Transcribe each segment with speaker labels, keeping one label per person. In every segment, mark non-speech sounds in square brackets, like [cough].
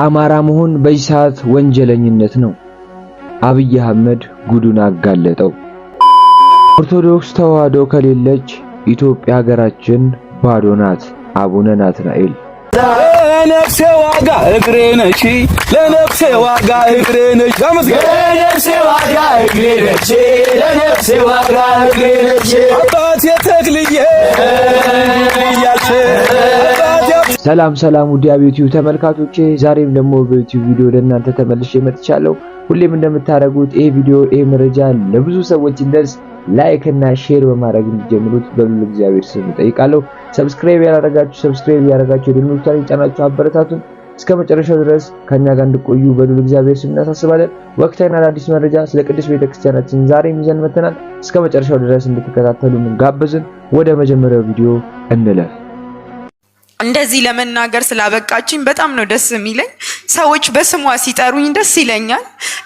Speaker 1: አማራ መሆን በዚህ ሰዓት ወንጀለኝነት ነው። አብይ አህመድ ጉዱን አጋለጠው። ኦርቶዶክስ ተዋህዶ ከሌለች ኢትዮጵያ ሀገራችን ባዶ ናት። አቡነ ናትናኤል ለነፍሴ ዋጋ እግሬ ነሽ፣ ለነፍሴ ዋጋ እግሬ ነሽ፣ ለነፍሴ ዋጋ እግሬ ነሽ፣ ለነፍሴ ዋጋ እግሬ ነሽ አባት የተክልዬ እያልሽ ሰላም ሰላም ውዲያ ዩቲዩብ ተመልካቾቼ ዛሬም ደግሞ በዩቲዩብ ቪዲዮ ለእናንተ እናንተ ተመልሼ መጥቻለሁ። ሁሌም እንደምታደርጉት ይሄ ቪዲዮ ይሄ መረጃ ለብዙ ሰዎች እንደርስ ላይክ እና ሼር በማድረግ እንዲጀምሩት በሉ እግዚአብሔር ስም እጠይቃለሁ። ሰብስክራይብ ያላረጋችሁ ሰብስክራይብ ያደረጋችሁ ደግሞ ታሪክ ጫናችሁ አበረታቱን እስከ መጨረሻው ድረስ ከኛ ጋር እንድቆዩ በሉ እግዚአብሔር ስም እናሳስባለን። ወቅታዊ እና አዳዲስ መረጃ ስለ ቅዱስ ቤተክርስቲያናችን ዛሬም ይዘን መተናል። እስከ መጨረሻው ድረስ እንድትከታተሉን ጋበዝን። ወደ መጀመሪያው ቪዲዮ እንለፍ።
Speaker 2: እንደዚህ ለመናገር ስላበቃችኝ በጣም ነው ደስ የሚለኝ። ሰዎች በስሟ ሲጠሩኝ ደስ ይለኛል።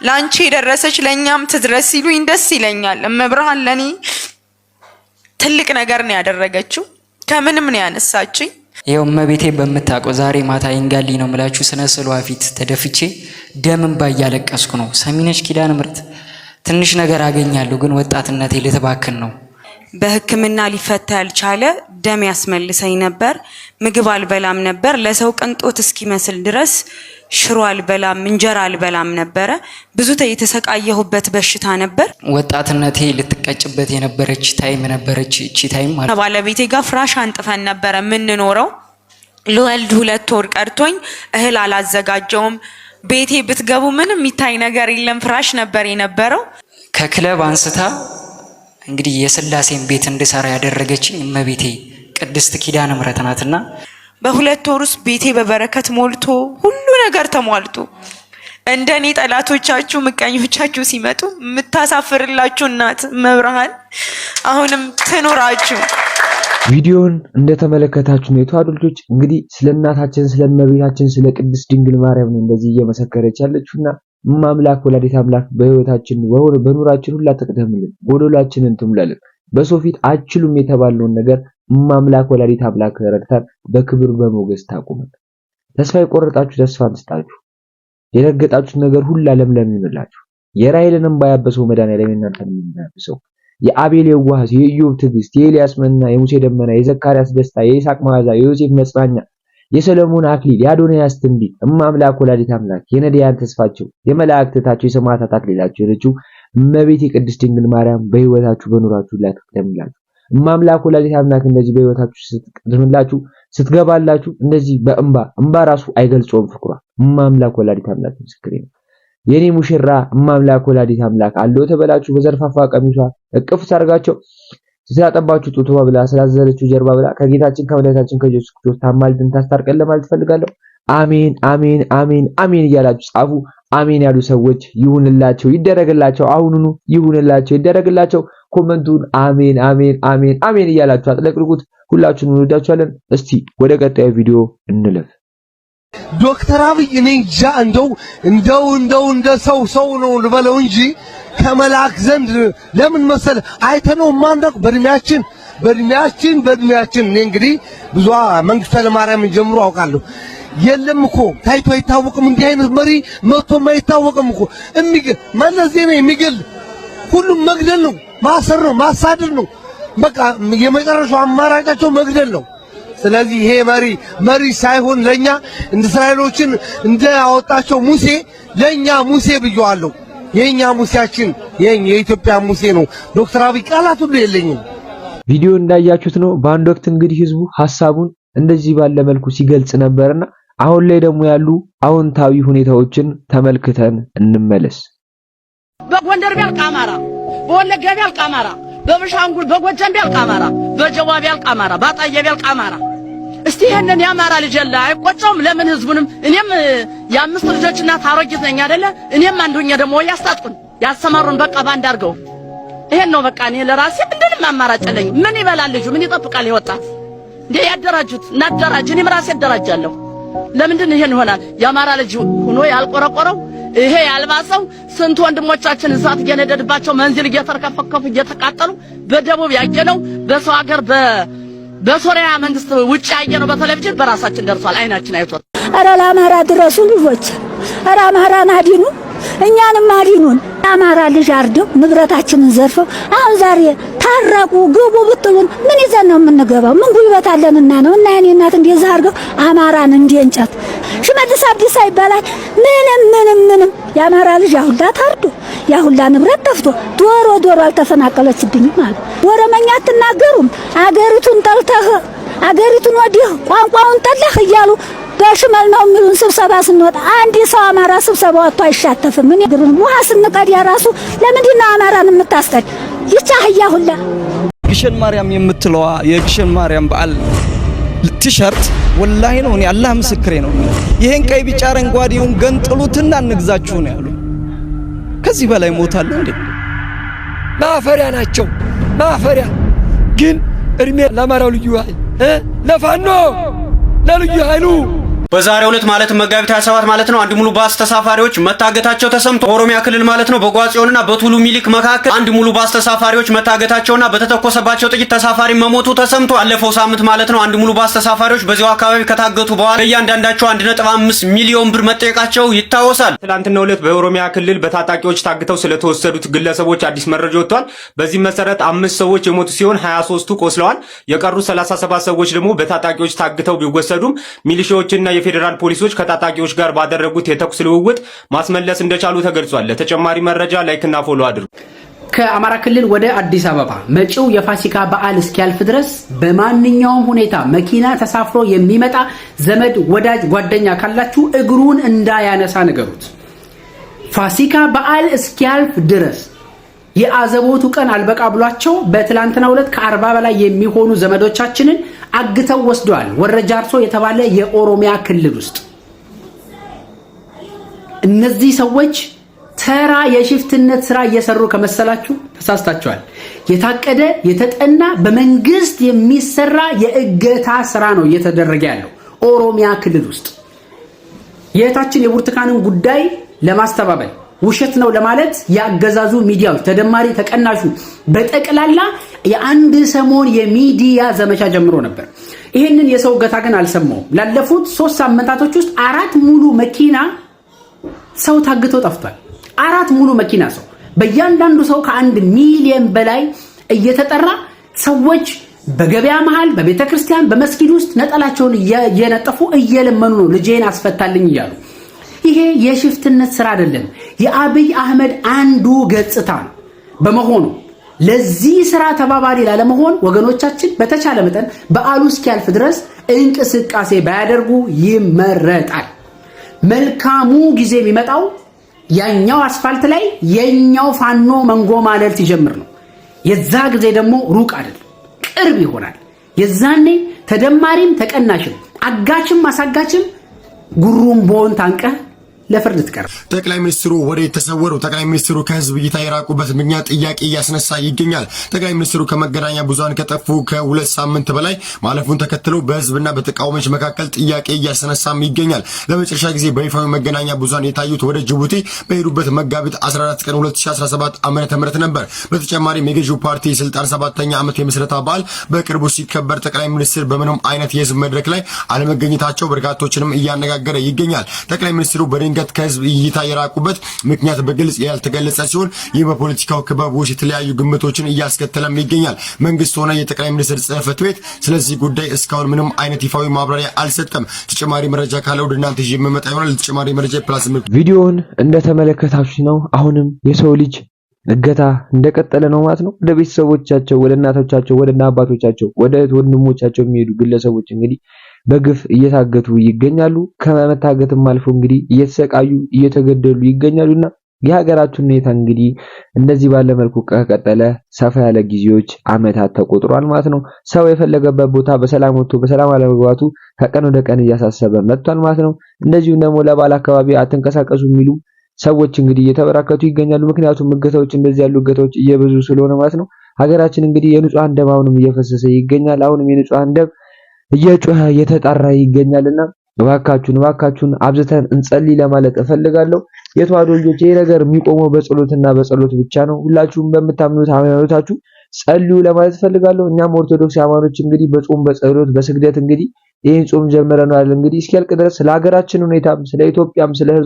Speaker 2: ለአንቺ የደረሰች ለእኛም ትድረስ ሲሉኝ ደስ ይለኛል። እመብርሃን ለእኔ ትልቅ ነገር ነው ያደረገችው። ከምንም ነው ያነሳችኝ።
Speaker 3: ይኸው እመቤቴ በምታውቀው ዛሬ ማታ ይንጋሊ ነው የምላችሁ። ስነ ስሏ ፊት ተደፍቼ ደምን ባ እያለቀስኩ ነው። ሰሚነች ኪዳነ ምሕረት ትንሽ ነገር አገኛለሁ፣ ግን ወጣትነቴ ልትባክን ነው።
Speaker 2: በህክምና ሊፈታ ያልቻለ ደም ያስመልሰኝ ነበር። ምግብ አልበላም ነበር። ለሰው ቅንጦት እስኪመስል ድረስ ሽሮ አልበላም፣ እንጀራ አልበላም ነበረ። ብዙ የተሰቃየሁበት በሽታ ነበር።
Speaker 3: ወጣትነቴ ልትቀጭበት የነበረች ታይም ነበረች። እቺ ታይም
Speaker 2: ከባለቤቴ ጋር ፍራሽ አንጥፈን ነበረ የምንኖረው። ልወልድ ሁለት ወር ቀርቶኝ እህል አላዘጋጀውም። ቤቴ ብትገቡ ምንም የሚታይ ነገር የለም። ፍራሽ ነበር የነበረው።
Speaker 3: ከክለብ አንስታ እንግዲህ የስላሴን ቤት እንድሰራ ያደረገችኝ እመቤቴ ቅድስት ኪዳነ ምሕረት ናትና
Speaker 2: በሁለት ወር ውስጥ ቤቴ በበረከት ሞልቶ ሁሉ ነገር ተሟልቶ እንደ እኔ ጠላቶቻችሁ ምቀኞቻችሁ ሲመጡ የምታሳፍርላችሁ እናት መብርሃን አሁንም ትኑራችሁ።
Speaker 1: ቪዲዮውን እንደተመለከታችሁ ነው የተዋሕዶ ልጆች እንግዲህ ስለ እናታችን ስለ እመቤታችን ስለ ቅድስት ድንግል ማርያም ነው እንደዚህ እየመሰከረች ያለችውና ማምላክ ወላዲት አምላክ በህይወታችን ወሆነ በኑራችን ሁላ ተቀደምልን፣ ጎዶላችንን ትሙላልን። በሶፊት አችሉም የተባለውን ነገር ማምላክ ወላዲት አምላክ ረድታን በክብር በሞገስ ታቁመን። ተስፋ የቆረጣችሁ ተስፋ አንስጣችሁ፣ የረገጣችሁት ነገር ሁላ ለምለም ይሆንላችሁ። የራሔልን እንባ ያበሰው መድኃኒዓለም የእናንተን እንባ ያብሰው። የአቤል የዋህ የኢዮብ ትዕግስት፣ የኤልያስ መና፣ የሙሴ ደመና፣ የዘካርያስ ደስታ፣ የይስሐቅ መዓዛ፣ የዮሴፍ መጽናኛ የሰሎሞን አክሊል፣ የአዶንያስ ትንቢት፣ እማምላክ ወላዲት አምላክ፣ የነዲያን ተስፋቸው፣ የመላእክት እህታቸው፣ የሰማዕታት አክሊላቸው የሆነችው እመቤት ቅድስት ድንግል ማርያም በሕይወታችሁ በኑራችሁ ላይ ትቅደምላችሁ። እማምላክ ወላዲት አምላክ እንደዚህ በሕይወታችሁ ስትቀድምላችሁ ስትገባላችሁ እንደዚህ በእንባ እንባ ራሱ አይገልጾም ፍቅሯ። እማምላክ ወላዲት አምላክ ምስክሬ ነው። የኔ ሙሽራ እማምላክ ወላዲት አምላክ አለው ተበላችሁ በዘርፋፋ ቀሚሷ እቅፍ ሳርጋቸው ስላጠባችሁ ጡትዋ ብላ ስላዘለችው ጀርባ ብላ ከጌታችን ከመድኃኒታችን ከኢየሱስ ክርስቶስ ታማልድን ታስታርቀን ለማለት እፈልጋለሁ። አሜን አሜን አሜን አሜን እያላችሁ ጻፉ። አሜን ያሉ ሰዎች ይሁንላቸው፣ ይደረግላቸው፣ አሁኑኑ ይሁንላቸው፣ ይደረግላቸው። ኮመንቱን አሜን አሜን አሜን አሜን እያላችሁ አጥለቅልቁት። ሁላችሁን እንወዳችኋለን። እስቲ ወደ ቀጣዩ ቪዲዮ እንለፍ።
Speaker 4: ዶክተር አብይ እኔ እንጃ እንደው እንደው እንደው እንደ ሰው ሰው ነው ልበለው እንጂ ከመልአክ ዘንድ ለምን መሰለ አይተነው ማንደቅ በእድሜያችን በእድሜያችን በእድሜያችን እኔ እንግዲህ ብዙ መንግስተ ኃይለማርያምን ጀምሮ አውቃለሁ። የለም እኮ ታይቶ አይታወቅም። እንዲህ አይነት መሪ መጥቶም አይታወቅም እኮ እሚገል መለስ ዜናዊ የሚገል ሁሉም መግደል ነው፣ ማሰር ነው፣ ማሳደድ ነው። በቃ የመጨረሻው አማራጫቸው መግደል ነው። ስለዚህ ይሄ መሪ መሪ ሳይሆን ለኛ እንደ እስራኤሎችን እንደ እንዳወጣቸው ሙሴ ለኛ ሙሴ ብየዋለሁ። የኛ ሙሴያችን የኛ የኢትዮጵያ ሙሴ ነው። ዶክተር አብይ ቃላት ሁሉ የለኝም።
Speaker 1: ቪዲዮ እንዳያችሁት ነው። በአንድ ወቅት እንግዲህ ህዝቡ ሀሳቡን እንደዚህ ባለ መልኩ ሲገልጽ ነበርና አሁን ላይ ደግሞ ያሉ አዎንታዊ ሁኔታዎችን ተመልክተን እንመለስ።
Speaker 2: በጎንደር ቢያልቅ አማራ፣ በወለጋ ቢያልቅ አማራ፣ በቤኒሻንጉል በጎጃም ቢያልቅ አማራ፣ በጀዋ ቢያልቅ አማራ፣ ባጣየ ቢያልቅ አማራ እስቲ ይሄንን ያማራ ልጅ ያለ አይቆጨውም? ለምን ህዝቡንም እኔም የአምስት ልጆች እናት አሮጊት ነኝ አይደለ? እኔም አንዱኛ ደግሞ ያስታጥቁን ያሰማሩን በቃ ባንድ አድርገው። ይሄን ነው በቃ እኔ ለራሴ ምንድንም አማራጭ የለኝ። ምን ይበላል ልጁ? ምን ይጠብቃል? የወጣት እንዴ ያደራጁት እናደራጅ። እኔም ራሴ አደራጃለሁ። ለምንድን ይሄን ይሆናል? የአማራ ልጅ ሆኖ ያልቆረቆረው ይሄ ያልባሰው ስንት ወንድሞቻችን እሳት እየነደድባቸው መንዝል እየተርከፈከፉ እየተቃጠሉ በደቡብ ያየነው በሰው ሀገር በ በሶሪያ መንግስት ውጭ ያየነው በቴሌቪዥን በራሳችን ደርሷል። አይናችን አይቷል።
Speaker 5: ኧረ ለአማራ ድረሱ ልጆች፣ ኧረ አማራን አዲኑ፣ እኛንም አዲኑን። አማራ ልጅ አርደው ንብረታችንን ዘርፈው አሁን ዛሬ ታረቁ ግቡ ብትሉን ምን ይዘን ነው የምንገባው? ምን ጉልበት አለንና ነው? እና የኔ እናት እንደዛ አርገው አማራን እንደ እንጨት ሽመልስ አብዲሳ ይባላል። ምንም ምንም ምንም የአማራ ልጅ አሁን ታርዶ ያ ሁላ ንብረት ጠፍቶ ዶሮ ዶሮ አልተፈናቀለችብኝም አሉ። ወረመኛ አትናገሩም፣ አገሪቱን ጠልተህ አገሪቱን ወዲህ ቋንቋውን ጠለህ እያሉ በሽመል ነው የሚሉን። ስብሰባ ስንወጣ አንድ ሰው አማራ ስብሰባ ወጥቶ አይሻተፍም። ምን ይግሩን ውሃ ስንቀድ የራሱ ለምንድን ነው አማራን የምታስቀድ? ይቻ አህያ ሁላ
Speaker 6: ግሸን ማርያም የምትለዋ የግሸን ማርያም በዓል ቲሸርት ወላሂ ነው እኔ አላህ ምስክሬ ነው። ይሄን ቀይ ቢጫ አረንጓዴውን ገንጥሉትና እንግዛችሁ ነው ያሉ ከዚህ በላይ ሞታለሁ እንዴ? ማፈሪያ ናቸው ማፈሪያ። ግን እድሜ ለአማራው ልዩ ኃይል ለፋኖ ለልዩ ኃይሉ
Speaker 7: በዛሬ ዕለት ማለትም መጋቢት 27 ማለት ነው አንድ ሙሉ ባስ ተሳፋሪዎች መታገታቸው ተሰምቶ ኦሮሚያ ክልል ማለት ነው በጓጽዮንና በቱሉ ሚሊክ መካከል አንድ ሙሉ ባስ ተሳፋሪዎች መታገታቸውና በተተኮሰባቸው ጥይት ተሳፋሪ መሞቱ ተሰምቶ አለፈው ሳምንት ማለት ነው አንድ ሙሉ ባስ ተሳፋሪዎች በዚያው አካባቢ ከታገቱ በኋላ በእያንዳንዳቸው 1.5 ሚሊዮን ብር መጠየቃቸው ይታወሳል። ትላንትና ዕለት በኦሮሚያ ክልል በታጣቂዎች ታግተው ስለተወሰዱት ግለሰቦች አዲስ መረጃ ወጥቷል። በዚህ መሰረት አምስት ሰዎች የሞቱ ሲሆን 23ቱ ቆስለዋል። የቀሩ 37 ሰዎች ደግሞ በታጣቂዎች ታግተው ቢወሰዱም ሚሊሻዎችና የፌዴራል ፖሊሶች ከታጣቂዎች ጋር ባደረጉት የተኩስ ልውውጥ ማስመለስ እንደቻሉ ተገልጿል። ለተጨማሪ መረጃ ላይክና ፎሎ አድርጉ።
Speaker 8: ከአማራ ክልል ወደ አዲስ አበባ መጪው የፋሲካ በዓል እስኪያልፍ ድረስ በማንኛውም ሁኔታ መኪና ተሳፍሮ የሚመጣ ዘመድ፣ ወዳጅ፣ ጓደኛ ካላችሁ እግሩን እንዳያነሳ ንገሩት። ፋሲካ በዓል እስኪያልፍ ድረስ የአዘቦቱ ቀን አልበቃ ብሏቸው በትላንትና ሁለት ከአርባ በላይ የሚሆኑ ዘመዶቻችንን አግተው ወስደዋል። ወረጃ አርሶ የተባለ የኦሮሚያ ክልል ውስጥ እነዚህ ሰዎች ተራ የሽፍትነት ስራ እየሰሩ ከመሰላችሁ ተሳስታችኋል። የታቀደ የተጠና በመንግስት የሚሰራ የእገታ ስራ ነው እየተደረገ ያለው ኦሮሚያ ክልል ውስጥ የእህታችን የብርቱካንን ጉዳይ ለማስተባበል ውሸት ነው ለማለት የአገዛዙ ሚዲያዎች ተደማሪ ተቀናሹ በጠቅላላ የአንድ ሰሞን የሚዲያ ዘመቻ ጀምሮ ነበር። ይህንን የሰው እገታ ግን አልሰማውም። ላለፉት ሶስት ሳምንታቶች ውስጥ አራት ሙሉ መኪና ሰው ታግቶ ጠፍቷል። አራት ሙሉ መኪና ሰው በእያንዳንዱ ሰው ከአንድ ሚሊየን በላይ እየተጠራ ሰዎች በገበያ መሃል፣ በቤተክርስቲያን፣ በመስጊድ ውስጥ ነጠላቸውን እየነጠፉ እየለመኑ ነው ልጄን አስፈታልኝ እያሉ ይሄ የሽፍትነት ስራ አይደለም፣ የአብይ አህመድ አንዱ ገጽታ ነው በመሆኑ ለዚህ ስራ ተባባሪ ላለመሆን ወገኖቻችን በተቻለ መጠን በዓሉ እስኪያልፍ ድረስ እንቅስቃሴ ባያደርጉ ይመረጣል። መልካሙ ጊዜ የሚመጣው ያኛው አስፋልት ላይ የኛው ፋኖ መንጎ መንጎማለል ሲጀምር ነው። የዛ ጊዜ ደግሞ ሩቅ አይደለም፣ ቅርብ ይሆናል። የዛኔ ተደማሪም ተቀናሽም አጋችም አሳጋችም ጉሩምቦን ታንቀህ ለፍርድ ትቀርብ።
Speaker 9: ጠቅላይ ሚኒስትሩ ወደ የተሰወሩ ጠቅላይ ሚኒስትሩ ከህዝብ እይታ የራቁበት ምክንያት ጥያቄ እያስነሳ ይገኛል። ጠቅላይ ሚኒስትሩ ከመገናኛ ብዙሃን ከጠፉ ከሁለት ሳምንት በላይ ማለፉን ተከትሎ በህዝብና በተቃዋሚዎች መካከል ጥያቄ እያስነሳም ይገኛል። ለመጨረሻ ጊዜ በይፋዊ መገናኛ ብዙሃን የታዩት ወደ ጅቡቲ በሄዱበት መጋቢት 14 ቀን 2017 ዓ ም ነበር። በተጨማሪም የገዢው ፓርቲ የስልጣን ሰባተኛ ዓመት የምስረታ በዓል በቅርቡ ሲከበር ጠቅላይ ሚኒስትር በምንም አይነት የህዝብ መድረክ ላይ አለመገኘታቸው በርካቶችንም እያነጋገረ ይገኛል። ጠቅላይ ሚኒስትሩ በድንገ በርቀት ከህዝብ እይታ የራቁበት ምክንያት በግልጽ ያልተገለጸ ሲሆን ይህ በፖለቲካው ክበቦች የተለያዩ ግምቶችን እያስከተለም ይገኛል። መንግስት ሆነ የጠቅላይ ሚኒስትር ጽህፈት ቤት ስለዚህ ጉዳይ እስካሁን ምንም አይነት ይፋዊ ማብራሪያ አልሰጠም። ተጨማሪ መረጃ ካለ ወደ እናንተ ይዤ የምመጣ ይሆናል። ለተጨማሪ መረጃ ፕላስ
Speaker 1: ቪዲዮውን እንደተመለከታችሁ ነው። አሁንም የሰው ልጅ እገታ እንደቀጠለ ነው ማለት ነው። ወደ ቤተሰቦቻቸው፣ ወደ እናቶቻቸው፣ ወደ አባቶቻቸው፣ ወደ ወንድሞቻቸው የሚሄዱ ግለሰቦች እንግዲህ በግፍ እየታገቱ ይገኛሉ። ከመታገትም አልፎ እንግዲህ እየተሰቃዩ እየተገደሉ ይገኛሉና የሀገራችን ሁኔታ እንግዲህ እንደዚህ ባለ መልኩ ከቀጠለ ሰፋ ያለ ጊዜዎች አመታት ተቆጥሯል ማለት ነው። ሰው የፈለገበት ቦታ በሰላም ወጥቶ በሰላም አለመግባቱ ከቀን ወደ ቀን እያሳሰበ መጥቷል ማለት ነው። እንደዚሁም ደግሞ ለበዓል አካባቢ አትንቀሳቀሱ የሚሉ ሰዎች እንግዲህ እየተበራከቱ ይገኛሉ። ምክንያቱም እገታዎች እንደዚህ ያሉ እገታዎች እየበዙ ስለሆነ ማለት ነው። ሀገራችን እንግዲህ የንጹሃን ደም አሁንም እየፈሰሰ ይገኛል። አሁንም የንጹሃን ደም እየጮኸ እየተጣራ ይገኛልና እባካችሁን እባካችሁን አብዝተን እንጸልይ ለማለት እፈልጋለሁ። የተዋሕዶ ልጆች ይሄ ነገር የሚቆመው በጸሎትና በጸሎት ብቻ ነው። ሁላችሁም በምታምኑት ሃይማኖታችሁ ጸልዩ ለማለት እፈልጋለሁ። እኛም ኦርቶዶክስ ሃይማኖች እንግዲህ በጾም በጸሎት በስግደት እንግዲህ ይህን ጾም ጀምረናል። እንግዲህ እስኪያልቅ ድረስ ስለ ሀገራችን ሁኔታም ስለ ኢትዮጵያም ስለ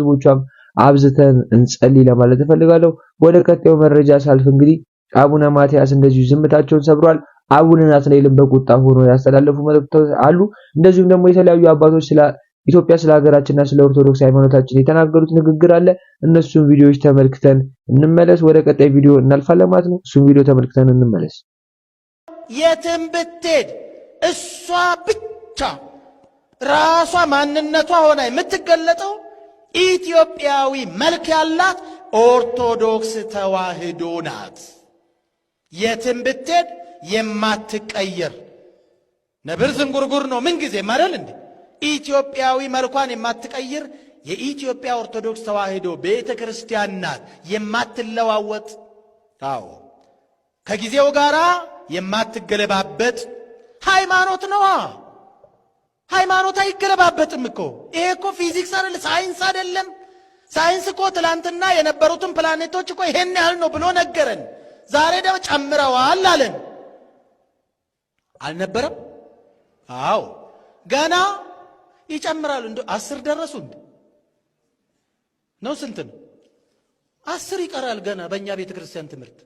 Speaker 1: አብዝተን እንጸልይ ለማለት እፈልጋለሁ። ወደ ቀጣዩ መረጃ ሳልፍ እንግዲህ አቡነ ማትያስ እንደዚሁ ዝምታቸውን ሰብሯል። አቡነ ናትናኤልን በቁጣ ሆኖ ያስተላለፉ መልእክቶች አሉ። እንደዚሁም ደግሞ የተለያዩ አባቶች ስለ ኢትዮጵያ ስለ ሀገራችንና ስለ ኦርቶዶክስ ሃይማኖታችን የተናገሩት ንግግር አለ። እነሱን ቪዲዮዎች ተመልክተን እንመለስ። ወደ ቀጣይ ቪዲዮ እናልፋለን ማለት ነው። እሱን ቪዲዮ ተመልክተን እንመለስ።
Speaker 10: የትም ብትሄድ እሷ ብቻ ራሷ ማንነቷ ሆና የምትገለጠው ኢትዮጵያዊ መልክ ያላት ኦርቶዶክስ ተዋህዶ ናት። የትም ብትሄድ የማትቀየር ነብር ዝንጉርጉር ነው ምን ጊዜ ማለል እንዴ ኢትዮጵያዊ መልኳን የማትቀይር የኢትዮጵያ ኦርቶዶክስ ተዋህዶ ቤተ ክርስቲያን ናት። የማትለዋወጥ አዎ፣ ከጊዜው ጋር የማትገለባበጥ ሃይማኖት ነዋ። ሃይማኖት አይገለባበጥም እኮ። ይሄ እኮ ፊዚክስ አይደለ፣ ሳይንስ አይደለም። ሳይንስ እኮ ትላንትና የነበሩትን ፕላኔቶች እኮ ይሄን ያህል ነው ብሎ ነገረን። ዛሬ ደግሞ ጨምረዋል አለን። አልነበረም? አዎ ገና ይጨምራል። እንደ አስር ደረሱ እንደ ነው ስንት ነው? አስር ይቀራል ገና በእኛ ቤተ ክርስቲያን ትምህርት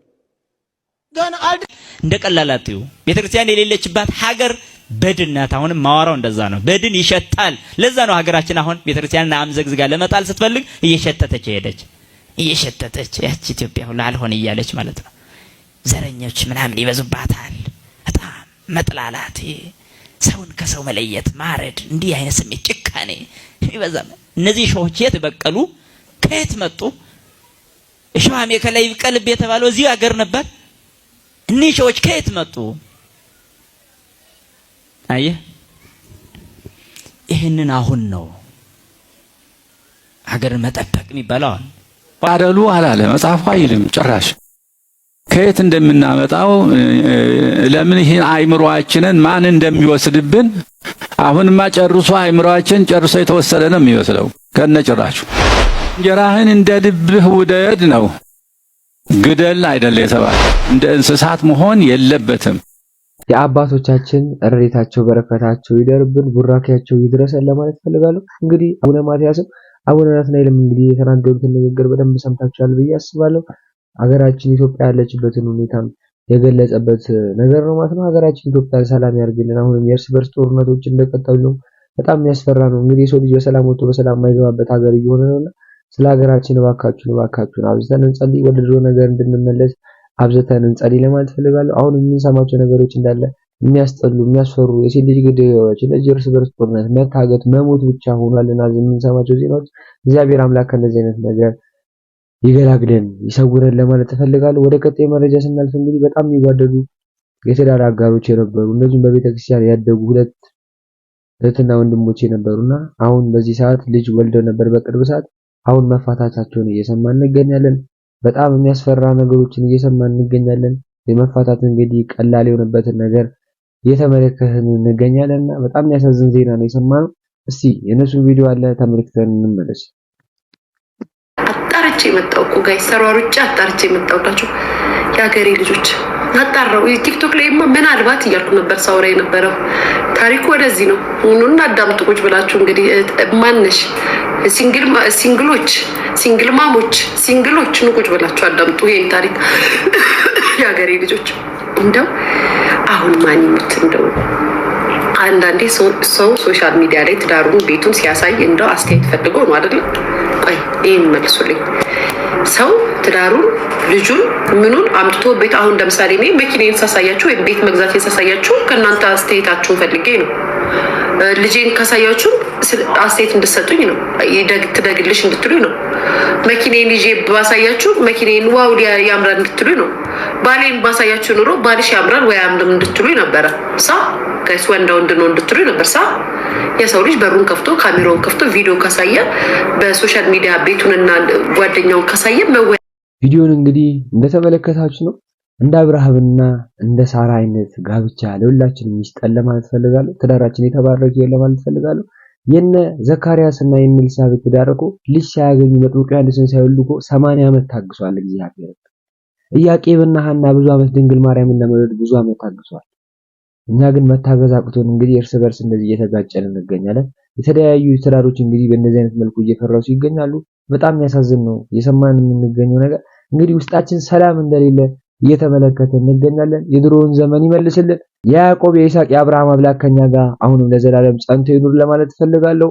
Speaker 11: ገና አልድ እንደ ቀላላጥዩ ቤተ ክርስቲያን የሌለችባት ሀገር በድን ናት። አሁንም ማዋራው እንደዛ ነው። በድን ይሸታል። ለዛ ነው ሀገራችን አሁን ቤተ ክርስቲያንን አምዘግዝጋ ለመጣል ስትፈልግ እየሸተተች ሄደች። እየሸተተች ያቺ ኢትዮጵያ ሁሉ አልሆን እያለች ማለት ነው። ዘረኞች ምናምን ይበዙባታል። መጥላላት፣ ሰውን ከሰው መለየት፣ ማረድ፣ እንዲህ አይነት ስሜት ጭካኔ የሚበዛ እነዚህ እሾሆች የት በቀሉ? ከየት መጡ? እሾህ አሜከ ላይ ይብቀልብ የተባለው እዚህ ሀገር ነበር። እኒህ እሾሆች ከየት መጡ? አየህ፣ ይህንን አሁን ነው ሀገርን መጠበቅ የሚባለው።
Speaker 12: ባደሉ አላለ መጽሐፉ አይልም ጭራሽ። ከየት እንደምናመጣው ለምን ይህን አይምሯችንን ማን እንደሚወስድብን አሁንማ ጨርሶ አይምሯችን ጨርሶ የተወሰደ ነው የሚመስለው ከነጭራችሁ እንጀራህን እንደ ልብህ ውደድ ነው ግደል አይደለ የተባለ እንደ እንስሳት መሆን የለበትም
Speaker 1: የአባቶቻችን እሬታቸው በረከታቸው ይደርብን ቡራኪያቸው ይድረሰን ለማለት እፈልጋለሁ እንግዲህ አቡነ ማትያስም አቡነ ናትናኤልም እንግዲህ የተናገሩትን ንግግር በደንብ ሰምታችኋል ብዬ አስባለሁ ሀገራችን ኢትዮጵያ ያለችበትን ሁኔታም የገለጸበት ነገር ነው ማለት ነው። ሀገራችን ኢትዮጵያ ሰላም ያርግልን። አሁንም የእርስ በርስ ጦርነቶች እንደቀጠሉ በጣም የሚያስፈራ ነው። እንግዲህ የሰው ልጅ በሰላም ወጥቶ በሰላም የማይገባበት ሀገር እየሆነ ነውና ስለ ሀገራችን እባካችሁን እባካችሁን አብዝተን እንጸልይ፣ ወደ ድሮ ነገር እንድንመለስ አብዝተን እንጸልይ ለማለት ፈልጋለሁ። አሁን የምንሰማቸው ነገሮች እንዳለ የሚያስጠሉ የሚያስፈሩ የሴት ልጅ ግድያዎች፣ ልጅ እርስ በርስ ጦርነት፣ መታገት፣ መሞት ብቻ ሆኗልና የምንሰማቸው ዜናዎች እግዚአብሔር አምላክ ከእንደዚህ አይነት ነገር ይገላግለን ይሰውረን ለማለት እፈልጋለሁ። ወደ ቀጣይ መረጃ ስናልፍ እንግዲህ በጣም የሚዋደዱ የትዳር አጋሮች የነበሩ እንደዚሁም በቤተክርስቲያን ያደጉ ሁለት እህትና ወንድሞች የነበሩና አሁን በዚህ ሰዓት ልጅ ወልደው ነበር በቅርብ ሰዓት አሁን መፋታታቸውን እየሰማን እንገኛለን። በጣም የሚያስፈራ ነገሮችን እየሰማን እንገኛለን። የመፋታት እንግዲህ ቀላል የሆነበትን ነገር እየተመለከትን እንገኛለን እና በጣም የሚያሳዝን ዜና ነው የሰማነው። እስቲ የእነሱን ቪዲዮ አለ ተመልክተን እንመለስ።
Speaker 13: አጣርቼ የመጣው እኮ ጋይ ሰሯሩጭ አጣርቼ የመጣውላቸው የሀገሬ ልጆች አጣራው ቲክቶክ ላይ ምናልባት እያልኩ ነበር ሳውራ የነበረው ታሪኩ ወደዚህ ነው። ሁኑና አዳምጡ ቁጭ ብላችሁ እንግዲህ ማነሽ ሲንግሎች፣ ሲንግል ማሞች፣ ሲንግሎች ኑ ቁጭ ብላችሁ አዳምጡ ይሄን ታሪክ [laughs] የሀገሬ ልጆች። እንደው አሁን ማን ይሙት እንደው አንዳንዴ ሰው ሶሻል ሚዲያ ላይ ትዳሩን ቤቱን ሲያሳይ እንደው አስተያየት ፈልጎ ነው አደለ? ቆይ ይህን መልሱልኝ። ሰው ትዳሩን ልጁን ምኑን አምጥቶ ቤት አሁን ለምሳሌ እኔ መኪናን ሳሳያችሁ ወይም ቤት መግዛቴን ሳሳያችሁ ከእናንተ አስተያየታችሁን ፈልጌ ነው። ልጄን ካሳያችሁ አስተያየት እንድሰጡኝ ነው። ትደግልሽ እንድትሉኝ ነው። መኪናን ይዤ ባሳያችሁ መኪናን ዋው ያምራ እንድትሉኝ ነው። ባሌን ባሳያችሁ ኑሮ ባልሽ ያምራል ወይ አያምርም እንድትሉ ነበረ ሳ ጋይስ ወንዳ ወንድ ነው እንድትሉ ነበር ሳ የሰው ልጅ በሩን ከፍቶ ካሜራውን ከፍቶ ቪዲዮ ካሳየ በሶሻል ሚዲያ ቤቱንና ጓደኛውን ካሳየ መወ
Speaker 1: ቪዲዮን እንግዲህ እንደተመለከታችሁ ነው። እንደ አብርሃምና እንደ ሳራ አይነት ጋብቻ ለሁላችንም ይስጠን ለማለት ፈልጋለሁ። ትዳራችን የተባረከ ይሁን ለማለት ፈልጋለሁ። የነ ዘካርያስ እና የነ ኤልሳቤጥ ትዳር እኮ ልጅ ሳያገኙ መጥምቁ ዮሐንስን ሳይወልዱ እኮ ሰማንያ ዓመት ታግሷል እግዚአብሔር ኢያቄምና ሐና ብዙ ዓመት ድንግል ማርያምን ለመውለድ ብዙ ዓመት ታግሷል። እኛ ግን መታገዝ አቅቶን እንግዲህ እርስ በርስ እንደዚህ እየተጋጨን እንገኛለን። የተለያዩ ትዳሮች እንግዲህ በእንደዚህ አይነት መልኩ እየፈረሱ ይገኛሉ። በጣም የሚያሳዝን ነው እየሰማን የምንገኘው ነገር። እንግዲህ ውስጣችን ሰላም እንደሌለ እየተመለከተ እንገኛለን። የድሮውን ዘመን ይመልስልን። የያዕቆብ የይስሐቅ፣ የአብርሃም አምላክ ከኛ ጋር አሁንም ለዘላለም ጸንቶ ይኑር ለማለት እፈልጋለሁ።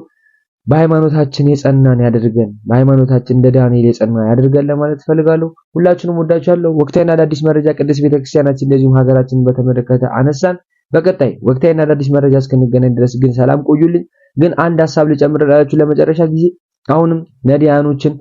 Speaker 1: በሃይማኖታችን የጸናን ያድርገን። በሃይማኖታችን እንደ ዳንኤል የጸናን ያድርገን ለማለት እፈልጋለሁ። ሁላችሁንም ወዳችኋለሁ። ወቅታዊና አዳዲስ መረጃ ቅድስት ቤተክርስቲያናችን እንደዚሁም ሀገራችንን በተመለከተ አነሳን። በቀጣይ ወቅታዊና አዳዲስ መረጃ እስክንገናኝ ድረስ ግን ሰላም ቆዩልኝ። ግን አንድ ሀሳብ ልጨምርላችሁ ለመጨረሻ ጊዜ አሁንም ነዲያኖችን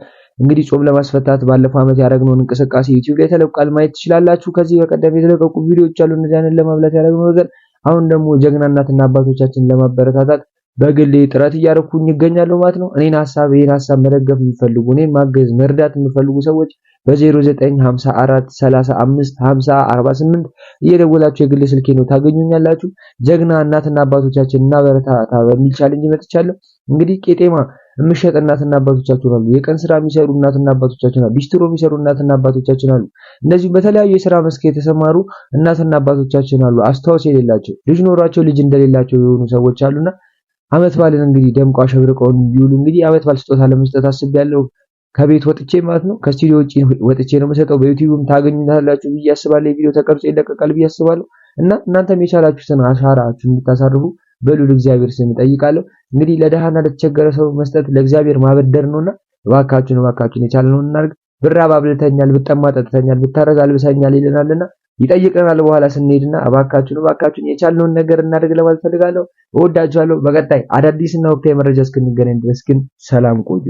Speaker 1: እንግዲህ ጾም ለማስፈታት ባለፈው ዓመት ያደረግነውን እንቅስቃሴ ዩቲዩብ ላይ ተለቋል፣ ማየት ትችላላችሁ። ከዚህ በቀደም የተለቀቁ ቪዲዮዎች አሉ። ነዲያንን ለማብላት ያደረግነው ነገር አሁን ደግሞ ጀግና እናትና አባቶቻችን ለማበረታታት በግሌ ጥረት እያደረኩኝ ይገኛሉ ማለት ነው። እኔን ሀሳብ ይህን ሀሳብ መደገፍ የሚፈልጉ እኔን ማገዝ መርዳት የሚፈልጉ ሰዎች በ0954 35 50 48 እየደወላችሁ የግል ስልኬ ነው ታገኙኛላችሁ። ጀግና እናትና አባቶቻችን እና በረታታ በሚል ቻለንጅ መጥቻለሁ። እንግዲህ ቄጤማ የምሸጥ እናትና አባቶቻችን አሉ። የቀን ስራ የሚሰሩ እናትና አባቶቻችን አሉ። ቢስትሮ የሚሰሩ እናትና አባቶቻችን አሉ። እነዚህ በተለያዩ የስራ መስክ የተሰማሩ እናትና አባቶቻችን አሉ። አስታወስ የሌላቸው ልጅ ኖሯቸው ልጅ እንደሌላቸው የሆኑ ሰዎች አሉና አመት ባልን እንግዲህ ደምቆ አሸብርቀው ይውሉ እንግዲህ አመት ባል ስጦታ ለመስጠት አስቤያለሁ። ከቤት ወጥቼ ማለት ነው ከስቱዲዮ ውጪ ወጥቼ ነው የምሰጠው። በዩቲዩብም ታገኙታላችሁ ብዬ አስባለሁ። የቪዲዮ ተቀርጾ ይለቀቃል ብዬ አስባለሁ እና እናንተም የቻላችሁትን አሻራችሁ እንድታሳርፉ በሉል እግዚአብሔር ስም እጠይቃለሁ። እንግዲህ ለደሃና ለተቸገረ ሰው መስጠት ለእግዚአብሔር ማበደር ነውና እባካችሁን እባካችሁን የቻልነውን እናድርግ። ብራብ አብልተኛል፣ ብጠማ ጠጥተኛል፣ ብታረዝ አልብሰኛል ይለናልና ይጠይቀናል በኋላ ስንሄድና እባካችሁን እባካችሁን የቻልነውን ነገር እናደርግ ለማለት ፈልጋለሁ። እወዳችኋለሁ። በቀጣይ አዳዲስና ወቅታዊ መረጃ እስክንገናኝ ድረስ ግን ሰላም ቆዩ።